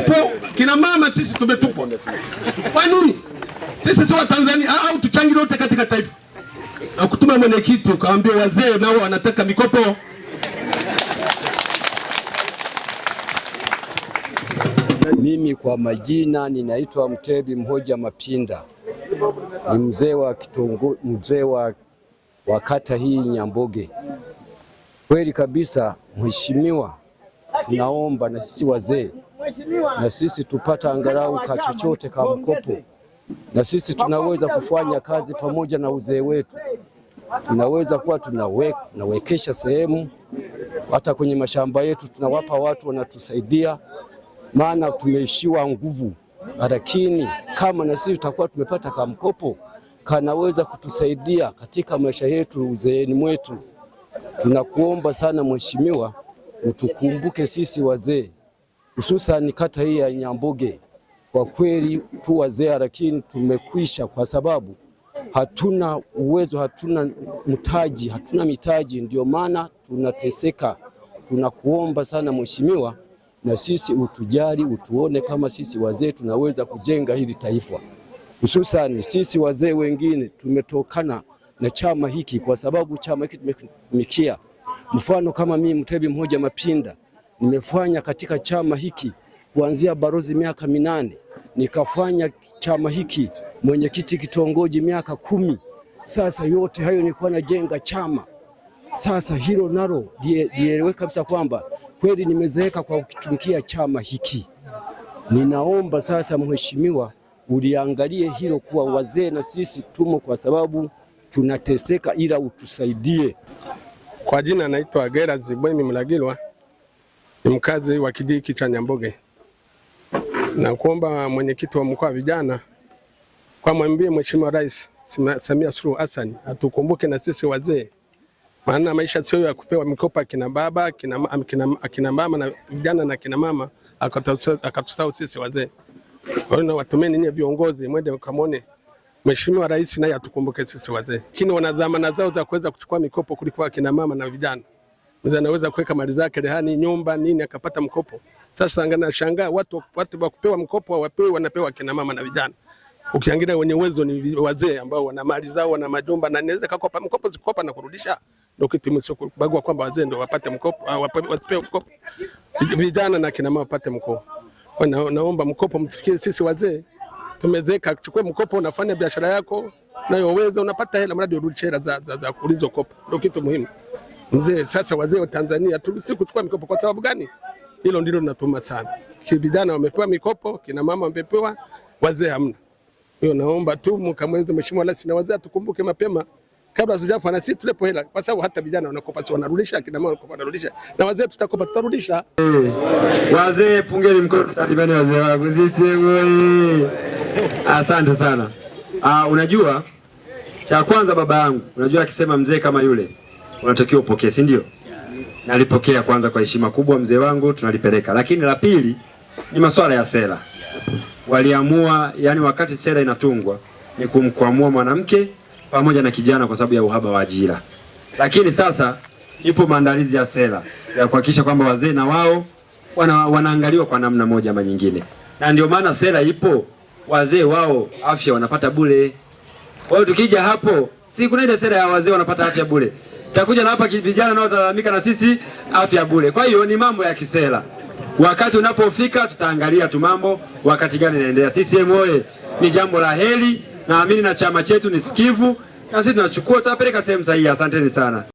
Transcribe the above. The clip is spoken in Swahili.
hapo kina mama sisi tumetupwa. Kwa nini? Sisi sio Watanzania au tuchangi lote katika taifa. Na kutuma mwenyekiti ukaambia wazee nao wanataka mikopo. Mimi kwa majina ninaitwa Mtebi Mhoja Mapinda, ni mzee wa kitongo, mzee wa, wa kata hii Nyamboge. Kweli kabisa, mheshimiwa, tunaomba na sisi wazee na sisi tupata angalau kachochote ka mkopo, na sisi tunaweza kufanya kazi pamoja na uzee wetu, tunaweza kuwa tunawek, tunawekesha sehemu hata kwenye mashamba yetu, tunawapa watu wanatusaidia, maana tumeishiwa nguvu. Lakini kama na sisi tutakuwa tumepata ka mkopo kanaweza kutusaidia katika maisha yetu uzeeni mwetu. Tunakuomba sana mheshimiwa, utukumbuke sisi wazee hususani kata hii ya Nyambuge. Kwa kweli tu wazee, lakini tumekwisha, kwa sababu hatuna uwezo, hatuna mtaji, hatuna mitaji, ndio maana tunateseka. Tunakuomba sana mheshimiwa, na sisi utujali, utuone kama sisi wazee tunaweza kujenga hili taifa, hususani sisi wazee wengine tumetokana na chama hiki, kwa sababu chama hiki tumekitumikia. Mfano kama mimi mtebi Mhoja Mapinda nimefanya katika chama hiki kuanzia barozi miaka minane, nikafanya chama hiki mwenyekiti kitongoji miaka kumi. Sasa yote hayo nilikuwa najenga chama. Sasa hilo nalo lieleweka kabisa kwamba kweli nimezeeka kwa kukitumikia chama hiki. Ninaomba sasa, mheshimiwa, uliangalie hilo kuwa wazee na sisi tumo, kwa sababu tunateseka, ila utusaidie. Kwa jina naitwa Gera Zibwe Mlagilwa ni mkazi wa kijiji cha Nyamboge na kuomba mwenyekiti wa mkoa wa vijana kwa mwambie Mheshimiwa Rais Samia Suluhu Hassan atukumbuke na sisi wazee, maana maisha sio ya kupewa mikopo akina baba akina mama na vijana na akina mama akatusahau sisi wazee. Kwa hiyo watumeni nyinyi viongozi, mwende mkamone Mheshimiwa Rais naye atukumbuke sisi wazee, lakini wana dhamana zao za kuweza kuchukua mikopo kuliko akina mama na vijana mzee anaweza kuweka mali zake rehani, nyumba nini, akapata mkopo. Sasa angana shangaa watu watu wa kupewa mkopo hawapewi, wanapewa kina mama na vijana. Ukiangalia wenye uwezo ni wazee ambao wana mali zao, wana majumba na inaweza kukopa mkopo, zikopa na kurudisha, ndio kitu msio kubagua kwamba wazee ndio wapate mkopo, ah, wasipewe mkopo, vijana na kina mama wapate mkopo. Na, naomba mkopo mtufikie sisi wazee, tumezeka, Chukue mkopo, unafanya biashara yako nayoweza, unapata hela, mradi urudishe hela za, za, za, za ulizokopa, ndio kitu muhimu mzee. Sasa wazee wa Tanzania tulisi kuchukua mikopo kwa sababu gani? Hilo ndilo linatuma sana. Kibidana wamepewa mikopo, kina mama wamepewa, wazee hamna. Hiyo naomba tu mkamweze mheshimiwa rais na wazee tukumbuke mapema kabla hatujafa na sisi tulepo hela, kwa sababu hata vijana wanakopa si wanarudisha, kina mama wanakopa wanarudisha, na wazee tutakopa tutarudisha. Hmm. Wazee pungeni mkono, salimeni wazee wangu sisi. wewe. Asante sana. Ah, unajua cha kwanza baba yangu, unajua akisema mzee kama yule unatakiwa upokee, si ndio? Nalipokea kwanza kwa heshima kubwa, mzee wangu, tunalipeleka. Lakini la pili ni masuala ya sera. Waliamua yani, wakati sera inatungwa ni kumkwamua mwanamke pamoja na kijana kwa sababu ya uhaba wa ajira, lakini sasa ipo maandalizi ya sera ya kuhakikisha kwamba wazee na wao wana, wanaangaliwa kwa namna moja ama nyingine, na ndio maana sera ipo, wazee wao afya wanapata bure. Kwa hiyo tukija hapo, si kuna ile sera ya wazee wanapata afya bure, takuja na hapa vijana nao talalamika na sisi afya bure. Kwa hiyo ni mambo ya kisera, wakati unapofika tutaangalia tu mambo wakati gani inaendelea. CCM oye! Ni jambo la heri, naamini na chama chetu ni sikivu, na sisi tunachukua tutapeleka sehemu sahihi. Asanteni sana.